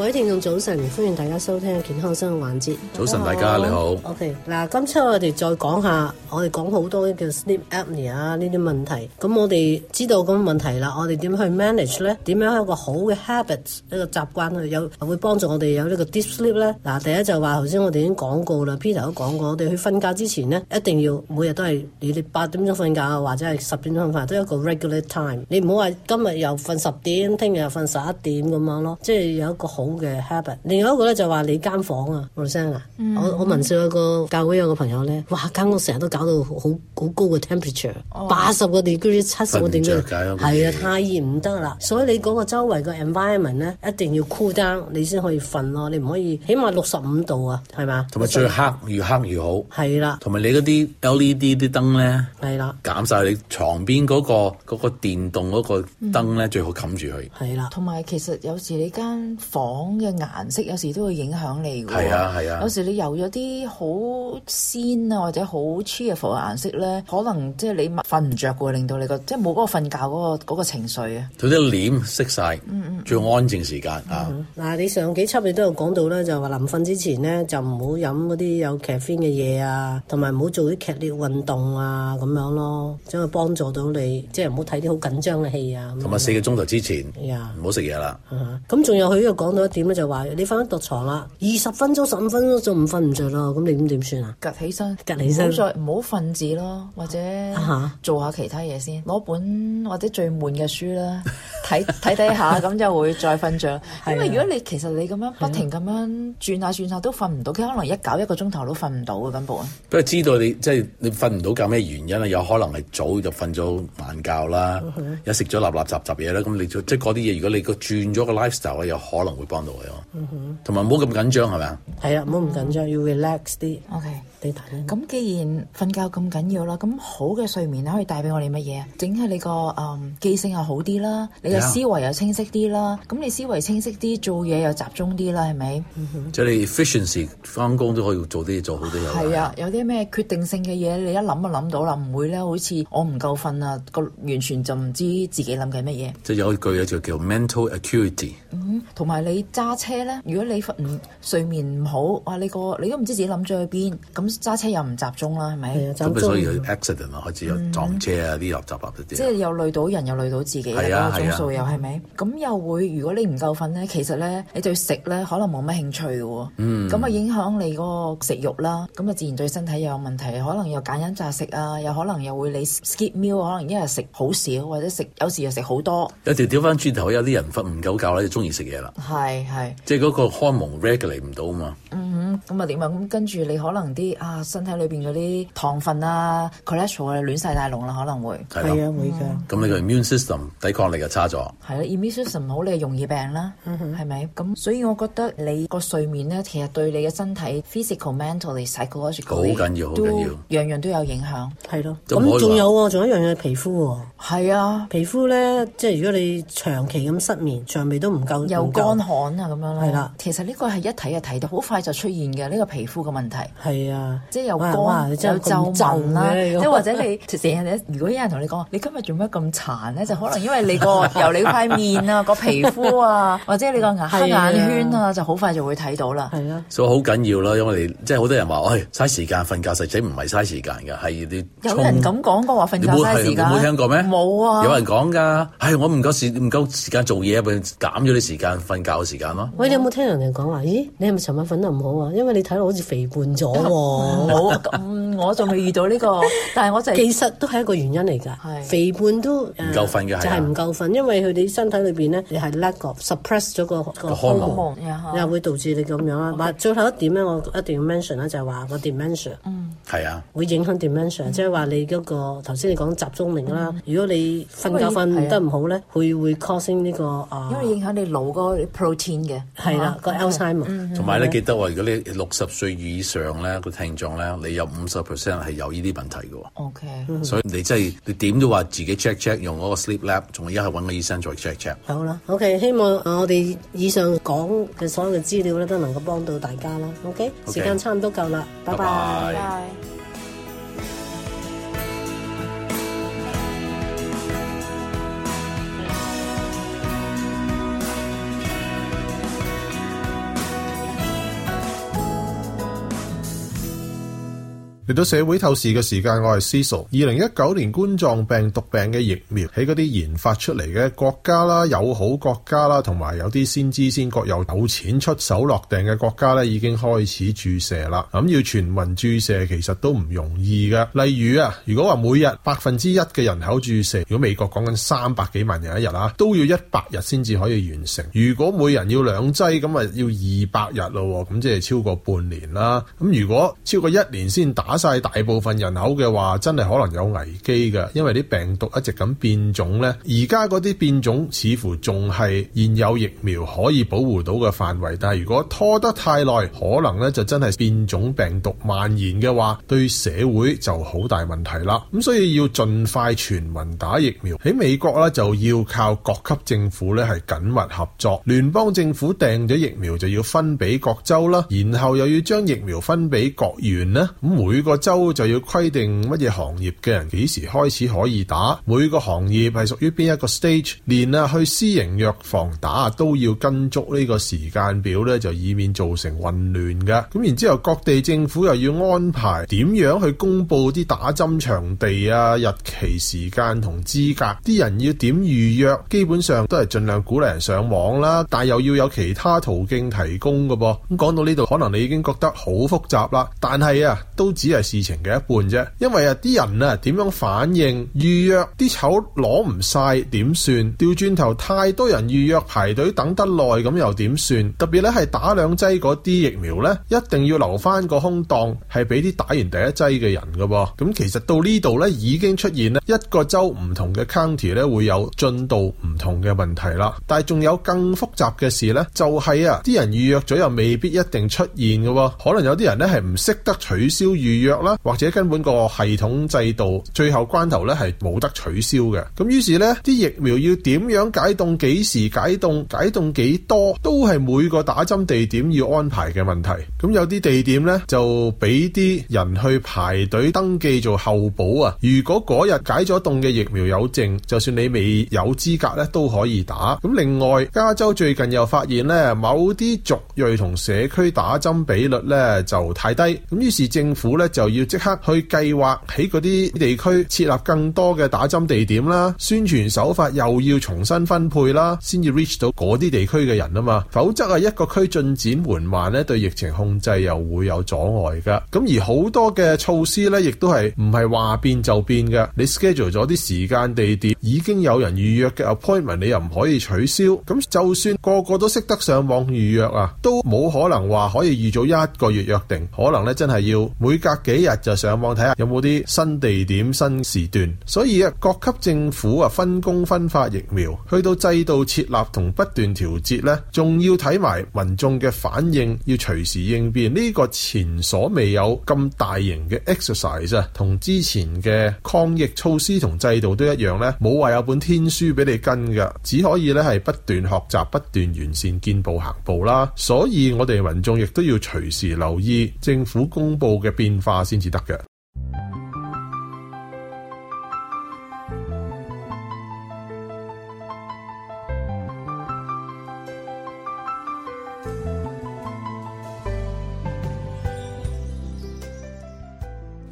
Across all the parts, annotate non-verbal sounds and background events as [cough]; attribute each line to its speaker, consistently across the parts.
Speaker 1: 各位聽眾早晨，歡迎大家收聽健康生活環節。早晨，大家、啊、你好。OK，嗱，今次我哋再講下，我哋講好多嘅叫 sleep apnea 呢啲問題。咁我哋知道咁問題啦，我哋點去 manage 咧？點樣一個好嘅 habit，一個習慣去有，會幫助我哋有呢個 deep sleep 咧？嗱，第一就話頭先，剛才我哋已經講過啦，Peter 都講過，我哋去瞓覺之前咧，一定要每日都係你哋八點鐘瞓覺，或者係十點鐘瞓覺，都有個 regular time。你唔好話今日又瞓十點，聽日又瞓十一點咁樣咯，即係有一個好。嘅 habit，另外一個咧就話你間房啊，mm -hmm. 我老生啊，我我文少有個教會有個朋友咧，哇間屋成日都搞到好好高嘅 temperature，八、oh. 十個 degree，七十個 degree 係啊，太熱唔得啦，所以你嗰個周圍嘅 environment 咧一定要 cool down，你先可以瞓咯，你唔可以，起碼六十五度啊，係嘛？同埋最
Speaker 2: 黑越黑越好，係啦。同埋你嗰啲 LED 啲燈咧，
Speaker 3: 係啦，
Speaker 2: 減晒你床邊嗰個嗰個電動嗰個燈咧、嗯，最好冚住佢。
Speaker 3: 係啦，同埋其實有時你間房。講嘅顏色有時都會影響你嘅，係啊係啊。有時你由咗啲好鮮啊或者好 cheerful 嘅顏色咧，可能即係你瞓唔着嘅，令到你、就是、沒有那個即係冇嗰個瞓覺嗰個個情緒、 [laughs] 嗯、啊。
Speaker 2: 佢啲臉熄晒，嗯嗯，最安靜時間啊。
Speaker 3: 嗱，
Speaker 1: 你上幾輯你都有講到咧，就話臨瞓之前咧就唔好飲嗰啲有 caffeine 嘅嘢啊，同埋唔好做啲劇烈運動啊咁樣咯，將佢幫助到你，即係唔好睇啲好緊張嘅戲啊。同埋
Speaker 2: 四個鐘頭之前，唔好食嘢啦。
Speaker 1: 咁仲、嗯啊、有佢呢又講到。點咧就話你翻咗獨床啦，二十分鐘十五分鐘就唔瞓唔着咯？咁你點點算啊？
Speaker 3: 隔起身，趌起身，唔好再唔好瞓住咯，或者做下其他嘢先，攞、uh -huh. 本或者最悶嘅書啦，睇睇睇下，咁就會再瞓着。 [laughs] 因為如果你 [laughs] 其實你咁樣不停咁樣轉下轉下 [laughs] 都瞓唔到，佢可能一搞一個鐘頭都瞓唔到嘅根本。
Speaker 2: 不過、啊、知道你即係、就是、你瞓唔到覺咩原因啊？有可能係早就瞓咗晚覺啦，有食咗垃垃雜雜嘢啦，咁你即係嗰啲嘢，如果你個轉咗個 lifestyle 有可能會幫。同埋唔好咁緊張係咪啊？係啊，唔
Speaker 3: 好咁緊張，嗯緊張嗯、要 relax 啲。OK，咁既然瞓覺咁緊要啦，咁好嘅睡眠可以帶俾我哋乜嘢？整係你個誒、嗯、記性又好啲啦，你嘅思維又清晰啲啦。咁你思維清晰啲，做嘢又集中啲啦，係咪？即、
Speaker 2: 嗯、係你 efficiency 翻工都可以做啲嘢做好啲嘢。係
Speaker 3: 啊，有啲咩決定性嘅嘢，你一諗就諗到啦，唔會咧好似我唔夠瞓啊，個完全就唔知自己諗緊乜嘢。
Speaker 2: 即係有一句嘢就叫 mental acuity。
Speaker 3: 同、嗯、埋你。揸車咧，如果你瞓唔睡眠唔好，哇！你個你都唔知自己諗咗去邊，咁揸車又唔集中啦，係咪？咁、嗯、所以有
Speaker 2: accident 啊，開始有撞車啊，啲垃圾落，
Speaker 3: 啲。即係又累到人，又累到自己嗰、啊、種數又係咪？咁、啊、又會，如果你唔夠瞓咧，其實咧，你對食咧可能冇乜興趣喎。咁、嗯、啊，就影響你個個食慾啦，咁啊，自然對身體又有問題，可能又揀飲擇食啊，又可能又會你 skip meal 可能一日食好少，或者食有時又食好多。
Speaker 2: 有條調翻轉頭，有啲人瞓唔夠覺咧，就中意食嘢啦。是即係嗰個開蒙 regular 唔到啊嘛。
Speaker 3: 咁啊點樣？咁跟住你可能啲啊身體裏邊嗰啲糖分啊、cholesterol 啊亂曬大龍啦，可能會係啊會㗎。
Speaker 2: 咁、嗯、你個 immune system 抵抗力就差咗。
Speaker 3: 係啦，immune system 好你係容易病啦，係 [laughs] 咪？咁所以我覺得你個睡眠咧，其實對你嘅身體、physical、mental、psychological 都好緊要，好緊要，樣樣都有影響，係咯。咁仲
Speaker 1: 有仲、啊、有一樣嘢皮膚，係啊，
Speaker 3: 是的皮膚咧，即係如果你長期咁失眠，腸胃都唔夠，又乾旱啊咁樣啦。係啦，其實呢個係一睇就睇到，好快就出現呢、這個皮膚嘅問題，係啊，即係有乾有皺紋啦，即、這個、或者你成日 [laughs] 如果有人同你講，你今日做咩咁殘咧？就可能因為你個由你塊面啊，個 [laughs] 皮膚膚啊， [laughs] 或者你個黑眼圈啊，啊就好快就會睇到啦。
Speaker 2: 啊，所以好緊要咯，因為即係好多人話，嘥、哎、時間瞓覺實不是間，實際唔係嘥時間㗎，係有人咁
Speaker 3: 講過話瞓覺嘥時間？冇聽
Speaker 2: 過咩？冇啊！有人講㗎，係、哎、我唔夠時唔夠時間做嘢，咪減咗啲時間瞓覺嘅時間咯。
Speaker 3: 喂，你
Speaker 1: 有冇聽人哋講話？咦，你係咪尋晚瞓得唔好啊？因為你睇落好似肥胖咗喎、哦，
Speaker 3: 我仲未遇到呢個，但係我就其實
Speaker 1: 都係一個原因嚟㗎，肥胖都唔、
Speaker 2: 呃、夠瞓嘅，就係、是、唔
Speaker 1: 夠瞓、啊，因為佢哋身體裏邊咧，你係 lack of suppress 咗個個荷爾蒙又、啊、會導致你咁樣啦。或、okay. 最後一點咧，我一定要 mention 啦，就係話個 dementia，嗯，係啊，會影響 dementia，即係話你嗰、那個頭先你講集中力啦、嗯。如果你瞓覺瞓得唔好咧、啊，會會 causing 呢、這個啊、呃，因為影響你腦嗰 protein 嘅，係啦、啊，啊那個 Alzheimer、嗯嗯嗯。嗯
Speaker 2: 同埋你記得喎、哦，如果你六十歲以上咧，個聽眾咧，你有五十 percent 係有呢啲問題嘅。O、
Speaker 1: okay. K，所以
Speaker 2: 你真係，你點都話自己 check check，用嗰個 sleep lab，仲要一係揾個醫生再 check check。
Speaker 1: 好啦，O K，希望我哋以上講嘅所有嘅資料咧，都能夠幫到大家啦。O、okay? K，okay. 時間差唔多夠啦，拜拜。
Speaker 4: 嚟到社會透視嘅時間，我係 Cecil。二零一九年冠狀病毒病嘅疫苗喺嗰啲研發出嚟嘅國家啦、友好國家啦，同埋有啲先知先覺有有錢出手落訂嘅國家呢，已經開始注射啦。咁要全民注射其實都唔容易㗎。例如啊，如果話每日百分之一嘅人口注射，如果美國講緊三百幾萬人一日啊，都要一百日先至可以完成。如果每人要兩劑，咁啊要二百日咯，咁即係超過半年啦。咁如果超過一年先打。晒大部分人口嘅話，真係可能有危機㗎，因為啲病毒一直咁變種呢。而家嗰啲變種似乎仲係現有疫苗可以保護到嘅範圍，但係如果拖得太耐，可能咧就真係變種病毒蔓延嘅話，對社會就好大問題啦。咁所以要盡快全民打疫苗。喺美國咧，就要靠各級政府咧係緊密合作，聯邦政府訂咗疫苗就要分俾各州啦，然後又要將疫苗分俾各縣啦。咁每個。個州就要規定乜嘢行業嘅人幾時開始可以打，每個行業係屬於邊一個 stage，連啊去私營藥房打都要跟足呢個時間表咧，就以免造成混亂噶。咁然之後，各地政府又要安排點樣去公布啲打針場地啊、日期、時間同資格，啲人要點預約，基本上都係盡量鼓勵人上網啦，但又要有其他途徑提供嘅噃。咁講到呢度，可能你已經覺得好複雜啦，但係啊，都只係。事情嘅一半啫，因為啊，啲人啊點樣反應？預約啲籌攞唔晒點算？調轉頭太多人預約排隊等得耐咁又點算？特別咧係打兩劑嗰啲疫苗咧，一定要留翻個空檔，係俾啲打完第一劑嘅人嘅噃。咁其實到這裏呢度咧，已經出現咧一個州唔同嘅 county 咧會有進度唔同嘅問題啦。但係仲有更複雜嘅事咧，就係、是、啊，啲人預約咗又未必一定出現嘅，可能有啲人咧係唔識得取消預約。約啦，或者根本個系統制度，最後關頭呢係冇得取消嘅。咁於是呢啲疫苗要點樣解凍？幾時解凍？解凍幾多？都係每個打針地點要安排嘅問題。咁有啲地點呢，就俾啲人去排隊登記做候補啊。如果嗰日解咗凍嘅疫苗有剩，就算你未有資格呢都可以打。咁另外，加州最近又發現呢某啲族裔同社區打針比率呢就太低。咁於是政府呢。就要即刻去計劃喺嗰啲地區設立更多嘅打針地點啦，宣傳手法又要重新分配啦，先至 reach 到嗰啲地區嘅人啊嘛。否則啊，一個區進展緩慢咧，對疫情控制又會有阻礙噶。咁而好多嘅措施咧，亦都係唔係話變就變嘅。你 schedule 咗啲時間地點，已經有人預約嘅 appointment，你又唔可以取消。咁就算個個都識得上網預約啊，都冇可能話可以預早一個月約定，可能咧真係要每隔。幾日就上網睇下有冇啲新地點、新時段，所以啊，各級政府啊分工分發疫苗，去到制度設立同不斷調節咧，仲要睇埋民眾嘅反應，要隨時應變。呢個前所未有咁大型嘅 exercise，同之前嘅抗疫措施同制度都一樣咧，冇話有本天書俾你跟噶，只可以咧係不斷學習、不斷完善、見步行步啦。所以我哋民眾亦都要隨時留意政府公布嘅變化。化先至得嘅。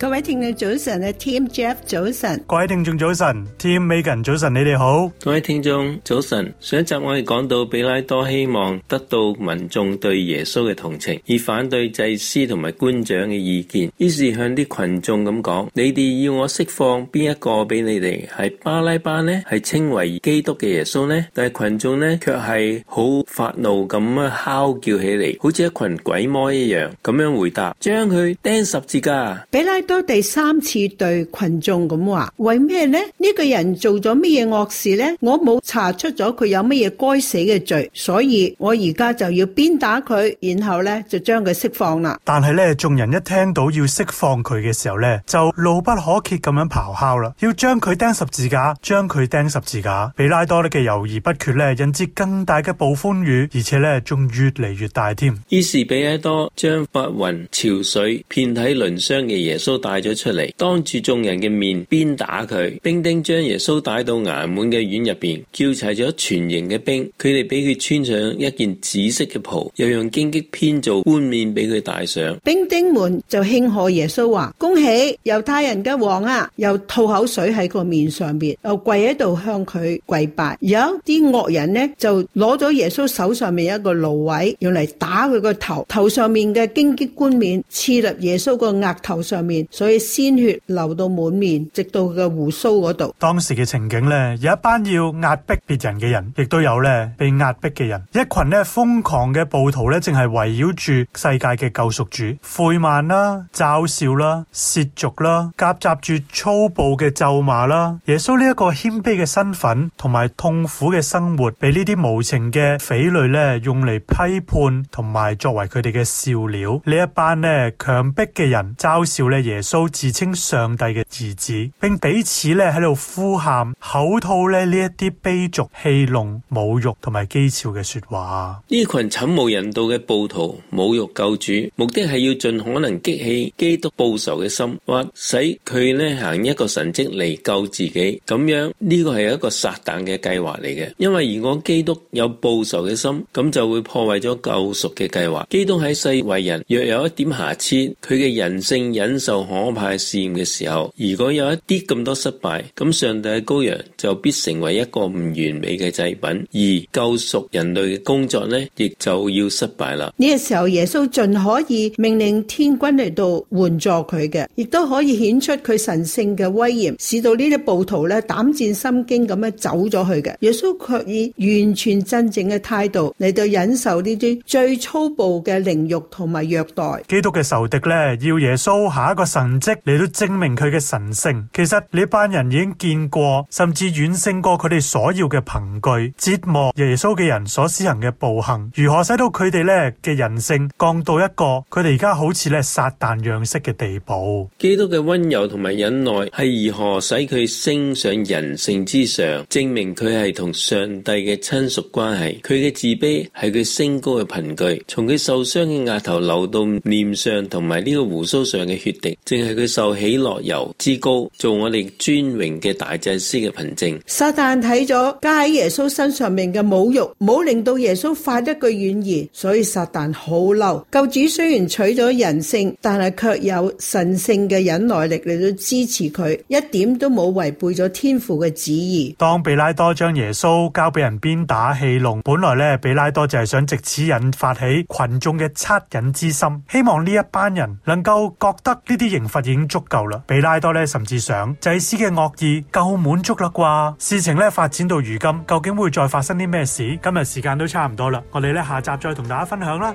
Speaker 5: 各位聽眾早晨，咧，Tim Jeff 早晨，各位聽眾早晨，Tim Megan 早晨，你哋好，
Speaker 6: 各位聽眾早晨。上一集我哋講到比拉多希望得到民眾對耶穌嘅同情，以反對祭司同埋官長嘅意見，於是向啲群眾咁講：你哋要我釋放邊一個俾你哋？係巴拉巴咧，係稱為基督嘅耶穌咧？但係群眾咧，卻係好發怒咁樣，敲叫起嚟，好似一群鬼魔一樣咁樣回答：將佢釘十字架，
Speaker 7: 比拉。都第三次對群眾咁話，為咩呢？呢個人做咗乜嘢惡事呢？我冇查出咗佢有乜嘢該死嘅罪，所以我而家就要鞭打佢，然後呢就將佢釋放啦。
Speaker 5: 但係呢，眾人一聽到要釋放佢嘅時候呢，就怒不可遏咁樣咆哮啦，要將佢釘十字架，將佢釘十字架。彼拉多呢嘅猶豫不決呢，引致更大嘅暴風雨，而且呢仲越嚟越大添。
Speaker 6: 於是彼拉多將白雲、潮水、遍體鱗傷嘅耶穌，帶咗出嚟，當住眾人嘅面，鞭打佢。兵丁將耶穌帶到衙門嘅院入邊，叫齊咗全營嘅兵，佢哋俾佢穿上一件紫色嘅袍，又用荊棘編做冠冕俾佢戴上。
Speaker 7: 兵丁們就慶賀耶穌話：恭喜猶太人嘅王啊！又吐口水喺個面上邊，又跪喺度向佢跪拜。有啲惡人呢，就攞咗耶穌手上面一個蘆葦，用嚟打佢個頭，頭上面嘅荊棘冠冕刺入耶穌個額頭上面。所以鮮血流到滿面，直到佢嘅鬍鬚嗰度。
Speaker 5: 當時嘅情景呢，有一班要壓迫別人嘅人，亦都有呢被壓迫嘅人。一群呢瘋狂嘅暴徒呢，正係圍繞住世界嘅救贖主，侮慢啦、啊，嘲笑啦、啊，褻瀆啦，夾雜住粗暴嘅咒罵啦、啊。耶穌呢一個謙卑嘅身份，同埋痛苦嘅生活，俾呢啲無情嘅匪類呢，用嚟批判同埋作為佢哋嘅笑料。一呢一班呢強迫嘅人，嘲笑呢。嘢。耶穌自稱上帝嘅兒子，並彼此咧喺度呼喊、口吐咧呢一啲卑俗、戲弄、侮辱同埋譏誚嘅說話。
Speaker 6: 呢群慘無人道嘅暴徒侮辱救主，目的係要盡可能激起基督報仇嘅心，或使佢咧行一個神迹嚟救自己。咁樣呢個係一個撒旦嘅計劃嚟嘅，因為如果基督有報仇嘅心，咁就會破壞咗救贖嘅計劃。基督喺世為人，若有一點瑕疵，佢嘅人性忍受。可怕試驗嘅時候，如果有一啲咁多失敗，咁上帝嘅羔羊就必成為一個唔完美嘅祭品，而救贖人類嘅工作呢，亦就要失敗啦。
Speaker 7: 呢個時候，耶穌盡可以命令天軍嚟到援助佢嘅，亦都可以顯出佢神聖嘅威嚴，使到呢啲暴徒咧膽戰心驚咁樣走咗去嘅。耶穌卻以完全真正嘅態度嚟到忍受呢啲最粗暴嘅凌辱同埋虐待。
Speaker 5: 基督嘅仇敵呢，要耶穌下一個神蹟嚟到證明佢嘅神性，其實呢班人已經見過，甚至遠勝過佢哋所要嘅憑據。折磨耶穌嘅人所施行嘅暴行，如何使到佢哋咧嘅人性降到一個佢哋而家好似咧撒旦樣式嘅地步？基督
Speaker 6: 嘅温柔同埋忍耐係如何使佢升上人性之上，證明佢係同上帝嘅親屬關係？佢嘅自卑係佢升高嘅憑據，從佢受傷嘅額頭流到面上同埋呢個胡鬚上嘅血滴。正係佢受喜樂油之高，做我哋尊榮嘅大祭司嘅憑證。
Speaker 7: 撒旦睇咗加喺耶穌身上面嘅侮辱，冇令到耶穌發一句怨言，所以撒旦好嬲。救主雖然取咗人性，但係卻有神聖嘅忍耐力嚟到支持佢，一點都冇違背咗天父嘅旨意。
Speaker 5: 當比拉多將耶穌交俾人鞭打戲弄，本來咧比拉多就係想借此引發起群眾嘅惻隱之心，希望呢一班人能夠覺得呢啲。刑罰已經足夠啦，比拉多咧甚至想祭司嘅惡意夠滿足啦啩？事情咧發展到如今，究竟會再發生啲咩事？今日時間都差唔多啦，我哋咧下集再同大家分享啦。